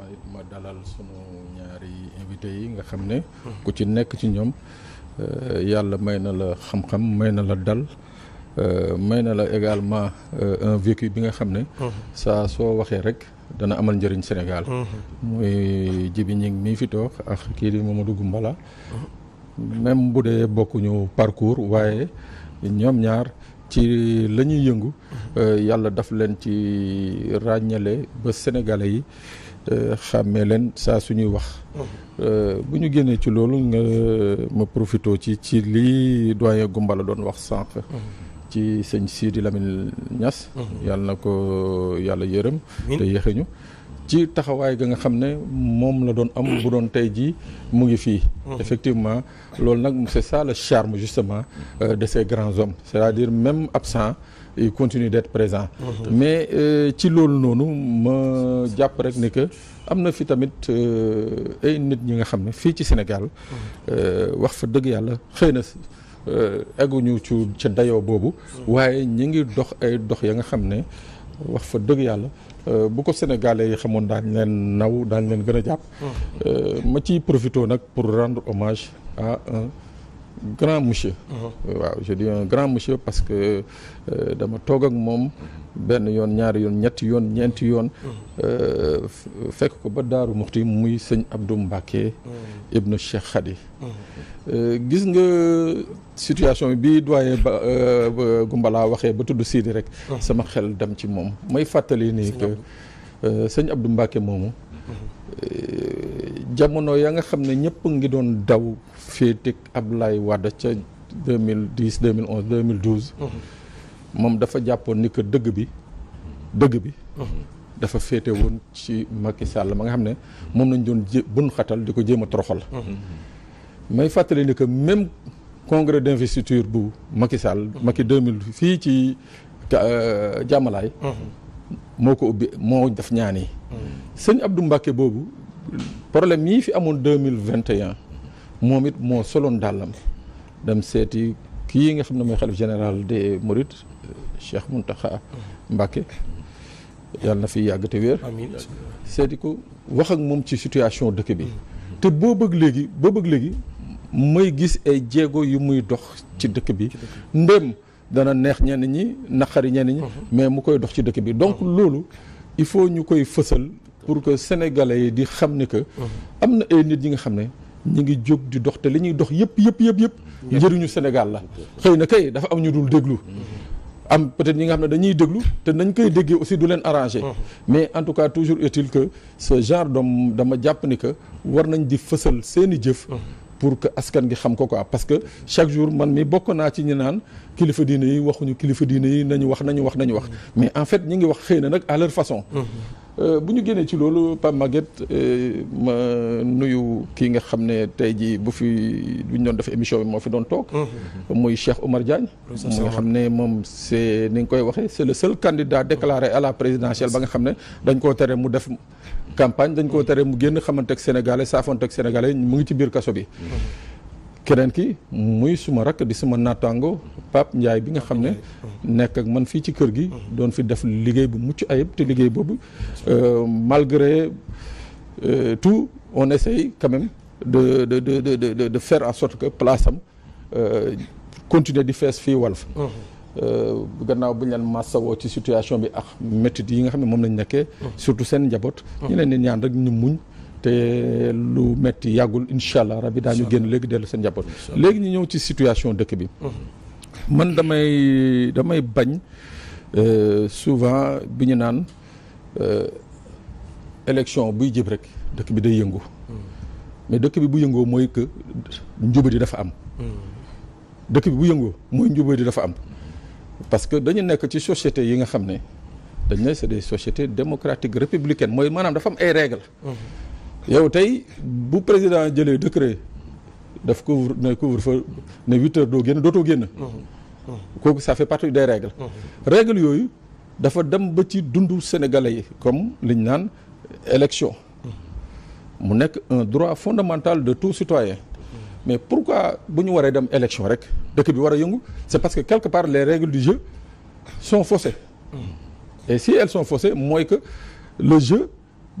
may ma dalal sunu ñaari invité yi nga xam ne ku ci nekk ci ñoom euh, yàlla may na la xam-xam may na la dal euh, may na la également euh, un vécu bi nga xam ne saa soo waxee rek dana amal njëriñ Sénégal muy Djibi Gning mii fi toog ak kii di Mamadou Goumbala même bu dee bokkuñu parcours waaye ñoom ñaar ci la ñuy yëngu yàlla daf leen ci ràññale ba sénégalais yi Euh, xàmmee leen saa suñuy wax. Mhm. Euh, bu ñu génnee ci loolu nga euh, ma profité ci ci lii doyen la doon wax sànq. Mhm. ci sëñ Sidi Lamine Niass. Mhm. yàlla na ko yàlla yërëm. te yéexeñu ci taxawaay ga nga xam ne moom la doon am bu doon tey jii mu ngi fii. effectivement loolu nag c'est ça le charme justement de ces grands hommes c'est-à-dire même absent. il continue d'être présent mhm. mais euh, ci loolu noonu ma jàpp rek ne que am na fi tamit euh, ay nit ñi nga xam ne fii ci Sénégal mhm. euh, wax fa dëgg yàlla xëy na si egguñu ci ca dayoo boobu mhm. waaye ñu ngi dox ay dox ya nga xam ne wax fa dëgg yàlla bu ko sénégalais yi xamoon daal leen naw daañ leen gën a jàpp ma ciy profité nag pour rendre hommage à grand monsieur. Uh-huh. waaw je monsieur parce que euh, dama toog ak moom benn yoon ñaari yoon ñetti yoon ñeenti yoon. Uh-huh. Euh, fekk ko ba Daaru Muxti muy sëñ Abdou Mbacke. Uh-huh. ibnu Cheikh Khady. Euh, gis nga situation bi doyen ba Gumbala waxee ba tudd Sidi rek. sama xel dem ci moom may fàttali nii que sëñ Abdou Mbacke moomu. jamono ya nga xam ne ñëpp ngi doon daw féetik Ablaye Wade ca 2010 2011 2012 moom dafa jàppoon ni que dëgg bi dëgg bi dafa féete woon ci Macky Sall ma nga xam ne moom lañ doon jé bun xatal di ko jéem a toroxal may fàttali ni que même congrès d'investiture bu Macky Sall Macky 2000 fii ci euh, jàmmalaay moo ko ubbi moo def ñaan yi sëñ Abdou Mbacké boobu problème yi fi amoon deux mille vingt et moom it moo soloon dàllam dem seeti kii nga xam ne mooy xalif général des Mourides Cheikh Mountakha Mbacké yàlla na fi yàgg te wér. seeti ko wax ak moom ci situation dëkk bi. te boo bëgg léegi boo bëgg léegi may gis ay jéego yu muy dox ci dëkk bi ndem dana neex ñenn ñi naqari ñenn ñi. Mhm. mais mu koy dox ci dëkk bi donc mhm. loolu il faut ñu koy fësal. pour que sénégalais yi di xam ne que. Mhm. am na ay nit ñi nga xam ne. ñi ngi jóg di dox te li ñuy dox yëpp yëpp yëpp yëpp. njëriñu Sénégal la. xëy na kay dafa am ñu dul déglu. Mhm. am peut-être ñi nga xam ne dañuy déglu te nañ koy déggee aussi du leen arrangé. Mhm. mais en tout cas toujours est que ce genre doom dama jàpp ni que war nañ di fësal seeni jëf. pour que askan gi xam ko quoi parce que chaque jour man mi bokk naa ci ñu naan kilifa diine yi waxuñu kilifa diine yi nañu wax nañu wax nañu wax mais en fait ñu ngi wax xëy na nag à leur façon. Euh, bu ñu génnee ci loolu Pape Maguette euh, ma nuyu kii nga xam ne tey jii bu fi bu ñu doon def émission bi moo fi doon toog. Mmh. muy Cheikh Omar Diagne. mu nga xam ne moom c'est ni nga koy waxee c'est le seul candidat déclaré la présidentielle ba nga xam ne dañ koo tere mu def campagne dañ koo tere mu génn xamanteek ak sénégalais saafonte mu ngi ci biir kaso bi. Mmh. keneen ki muy suma rakk di suma naataango Pape njaay bi nga xam ne nekk ak man fii ci kër gi doon fi def liggéey bu mucc ayib te liggéey boobu euh, malgré euh, tout on essaye quand même de de de de de de faire en sorte que place am euh, continuer di fees fii Walf gannaaw bu ñu leen massawoo ci situation bi ak métit yi nga xam ne moom lañ nekkee surtout seen njaboot ñu leen ñaan rek ñu muñ te lu metti yàggul incha allah rabi daañu génn léegi dellu seen njaboot léegi ñu ñëw ci situation dëkk bi mhm. man damay damay bañ euh, souvent bi ñu naan euh, élection buy jib rek dëkk bi day yëngu mhm. mais dëkk bi bu yëngoo mooy que njubadi dafa am mhm. dëkk bi bu yëngoo mooy njubadi dafa am parce que dañu nekk ci société yi nga xam ne dañ ne c'est des sociétés démocratiques républicaines mooy maanaam dafa am ay règles yow tey bu président jëlee décret daf couvre ne couvre feu ne huit doo génn dootoo génn. kooku ça fait partie des règles. règles yooyu dafa dem ba ci dundu sénégalais yi comme liñ naan élection. mu nekk un droit fondamental de tout citoyen. mais pourquoi bu ñu waree dem élection rek dëkk bi war a yëngu c'est parce que quelque part les règles du jeu sont faussées. et si elles sont faussées mooy que le jeu.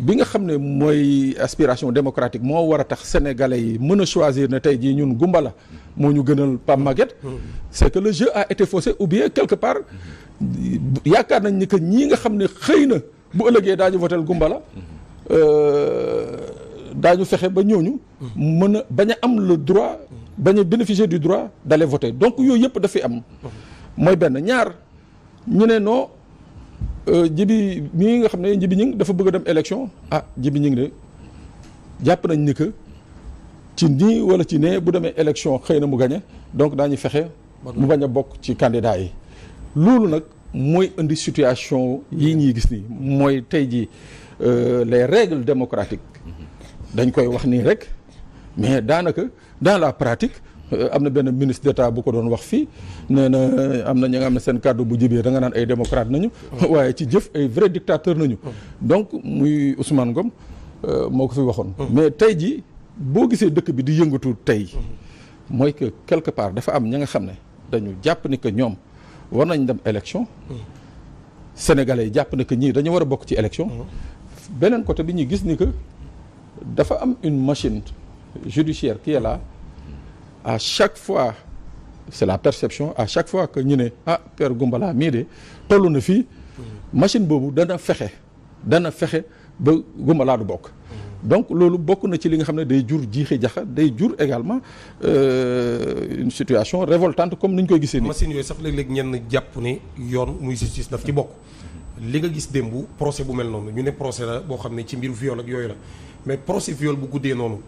bi nga xam ne mooy aspiration démocratique moo war a tax sénégalais yi mën a choisir ne tey jii ñun gumba la moo ñu gënal Pape Maguette c'est que le jeu a été faussé ou quelque part yaakaar nañ ni que ñii nga xam ne xëy na bu ëllëgee daañu voteel gumba la euh, daañu fexe ba ñooñu mën a bañ a am le droit bañ a bénéficier du droit d'aller voter donc yooyu yëpp dafay am mooy benn ñaar ñu ne noo Euh, jibi mii nga xam ne jibi ñing dafa bëgg dem élection ah jibi ñing de jàpp nañ ni que ci nii wala ci nee bu demee élection xëy na mu gañe donc daañu fexe mu bañ a bokk ci candidat yi loolu nag mooy indi situation yi ñuy gis nii mooy tey jii euh, les règles démocratiques dañ koy wax nii rek mais daanaka dans la pratique Euh, am na benn ministre d'état bu ko doon wax fii nee na am na ñi nga ne seen kàddu bu jibee da nga naan ay démocrate nañu oh. waaye ci jëf ay vrai dictateur nañu oh. donc muy Ousmane Ngom euh, moo ko fi waxoon oh. mais tey ji boo gisee dëkk bi di yëngatu tey mooy que quelque part dafa am ña nga xam ne dañu jàpp ni que ñoom war nañ dem élection sénégalais jàpp ne que ñii dañu war a bokk ci élection beneen côté bi ñu gis ni que dafa am une machine judiciaire qui est là à chaque fois c'est la perception à chaque fois que ñu ne ah Père Goumbala mii de toll na fii machine boobu dana fexe dana fexe ba Goumbala du bokk donc loolu bokk na ci li nga xam ne day jur jiixi jaxa day jur également euh, une situation révoltante comme ni koy gisee nii. machine yooyu sax léeg-léeg ñenn jàpp ne yoon muy justice daf ci bokk li nga gis démb procès bu mel noonu ñu ne procès la boo xam ne ci mbir viol ak yooyu la mais procès viol bu guddee noonu.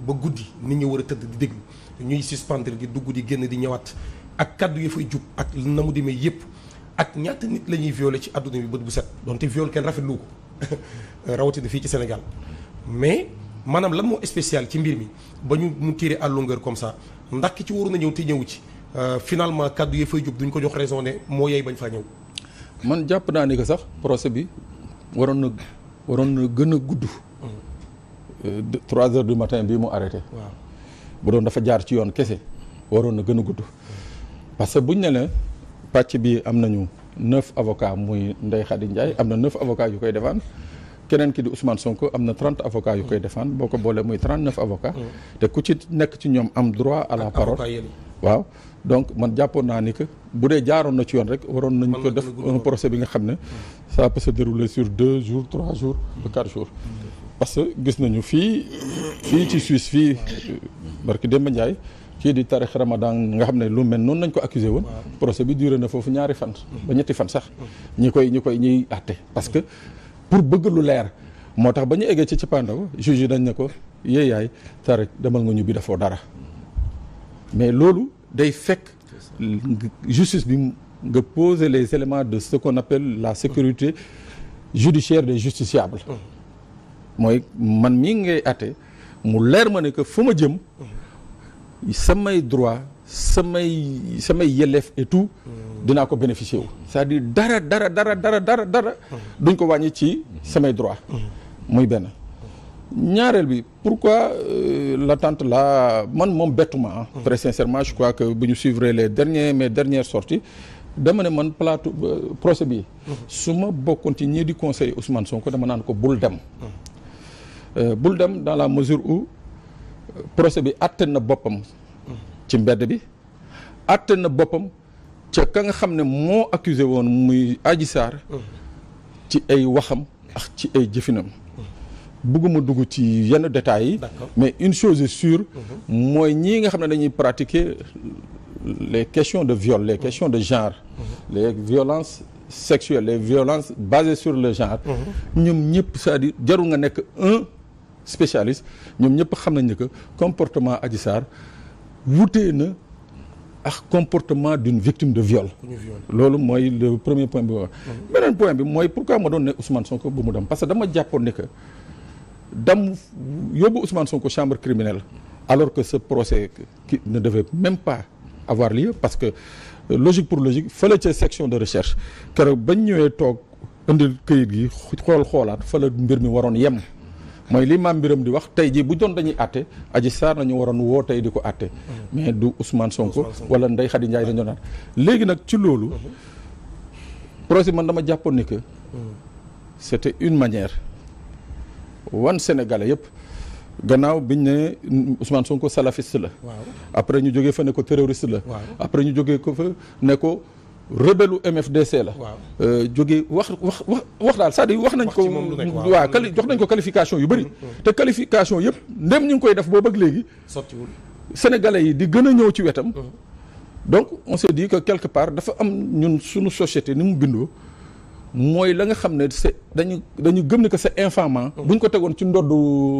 ba guddi nit ñi war a tëdd di déglu ñuy suspendre di dugg di génn di ñëwaat ak kaddu yi fay jub ak na mu demee yëpp ak ñaata nit la ñuy violé ci àdduna bi bët bu set donte viol kenn rafetlu ko rawatina fii ci Sénégal mais maanaam lan moo spécial ci mbir mi ba ñu mu tiré à longueur comme ça ndax ki ci waroon na ñëw te ñëwu ci euh, finalement kaddu yi fay jub duñ ko jox raison ne moo yey bañ faa ñëw. man jàpp naa ne que sax procès bi waroon na waroon na gën a gudd. trois heures du matin bii mu arrêté. waaw bu doon dafa jaar ci yoon kese waroon na gën a gudd. parce que buñ ne la pàcc bi am nañu neuf avocats muy Ndeye Khady Ndiaye am na neuf avocats yu koy défendre keneen ki di Ousmane Sonko am na trente avocats yu koy défendre boo ko boolee muy trente neuf avocats. Mm. te ku ci nekk ci ñoom am droit à la parole waaw donc man jàppoon naa ni que bu dee jaaroon na ci yoon rek waroon nañu ko def procès bi nga xam ne mm. ça peut se dérouler sur deux parce que gis nañu fii fii ci Suisse fii barki Demba Ndiaye kii di Tariq Ramadan nga xam ne lu mel noonu lañ ko accusé woon procès bi duré na foofu ñaari fan ba ñetti fan sax ñi koy ñi koy ñiy àtte parce que pour bëgg lu leer moo tax ba ñu eggee ci cappaandaw juge yi dañ ne ko yee yaay Tariq demal nga ñu bi dafoo dara mais loolu day fekk justice bi nga poser les éléments de ce qu'on appelle la sécurité judiciaire des justiciables mmh. mooy man mii ngay àtte mu leer ma ne que fu ma jëm samay droit samay samay yelleef et tout dinaa ko bénéficier wu cest à dara dara dara dara dara dara duñ ko wàññi ci samay droit muy benn ñaareel bi la euh, l'attente la man moom bettuma très sincèrement je crois que bu ñu suivre les derniers mes dernières sorties dama ne man plateau euh, procès bi mmh. su ma bokkoon ci ñii di conseil Ousmane Sonko dama naan ko bul dem mmh. Euh, bul dem dans la mesure où euh, procès bi àtte na boppam ci mbedd bi àtte na boppam ca ka nga xam ne moo accusé woon muy Adji Sarr ci ay waxam ak ci ay jëfinam bëgguma dugg ci yenn détails yi mais une chose est mhm. mooy ñii nga xam ne dañuy pratiquer les questions de viol les mhm. questions de genre mhm. les violences sexuelles les violences basées sur le genre ñoom ñëpp cest à jarul nga nekk spécialiste ñoom ñëpp xam nañ ne que comportement Adji Sarr wutee na ak comportement d'une victime de viol. loolu mooy le premier point bi ma wax. beneen point bi mooy pourquoi ma doon ne Ousmane Sonko bu mu dem parce que dama jàppoon ne que dam yóbbu soo ko chambre criminelle alors que ce procès qui ne devait même pas avoir lieu parce que euh, logique pour logique la ca section de recherche keroog bañ ñëwee toog indil këyit gi xool xoolaat fële mbir mi waroon yem. mooy lii maam mbiram di wax tey jii bu doon dañuy àtte aji saar nañu waroon woo tey di ko àtte mais du Ousmane Sonko wala Ndeye Khady Ndiaye dañoo naan léegi nag ci loolu projet man dama jàppoon ni que c'était une manière wan sénégalais yëpp gannaaw biñ ne Ousmane Sonko salafiste la après ñu jóge fa ne ko terroriste la après ñu jógee ko fa ne ko rebelu MFDC la. waaw euh, jógee wax wax wax wax daal cest à wax nañ ko. waa quali jox nañ ko qualification yu bëri. Mm-hmm. te qualification yëpp ndem ñu ngi koy def boobu ak léegi. sottiwul sénégalais yi di gën a ñëw ci wetam. Mm-hmm. donc on s'est dit que quelque part dafa am ñun suñu société ni mu bindoo. mooy la nga xam ne c'est dañu dañu gëm ne que c'est infamant mm. bu ñu ko tegoon ci ndodd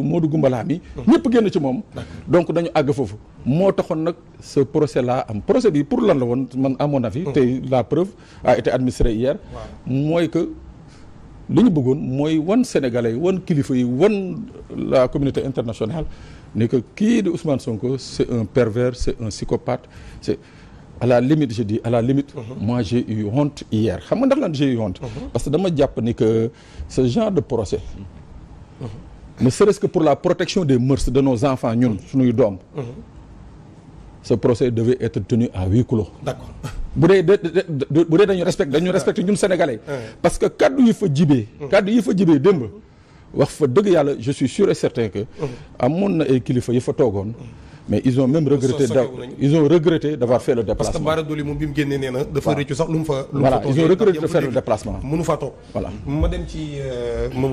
Modou Goumbala mi mm. ñëpp génn ci moom donc dañu àgg foofu moo taxoon nag ce procès là am procès bi pour lan la woon man amoon na fi mm. tey la preuve a été administrée hier mooy que li ñu bëggoon mooy wan sénégalais yi wan kilifa yi wan la communauté internationale ne que kii di Ousmane Sonko c'est un pervers c'est un psychopathe à la limite je dis à la limite mm -hmm. moi j'ai hier xam ndax lan j'ai eu honte mhm. parce que dama jàpp ni que ce genre de procès mhm. ne serait-ce que pour la protection des mœurs de nos enfants ñun mhm. suñuy doom ce procès devait être tenu à huis clos bu dee dañu respecté dañu respecté ñun sénégalais parce que kaddu yi fa jibee kaddu yi fa jibee démb wax fa dëgg yàlla je suis sûr et certain que amoon na ay kilifa yi fa toogoon mais ils ont même regretté ils ont regretté déplacement parce que Bara Dolly moom bi mu génnee nee dafa rëccu sax lu mu fa lu mu fa toogee voilà ils ont regretté de faire le déplacement mënu fa toog voilà ma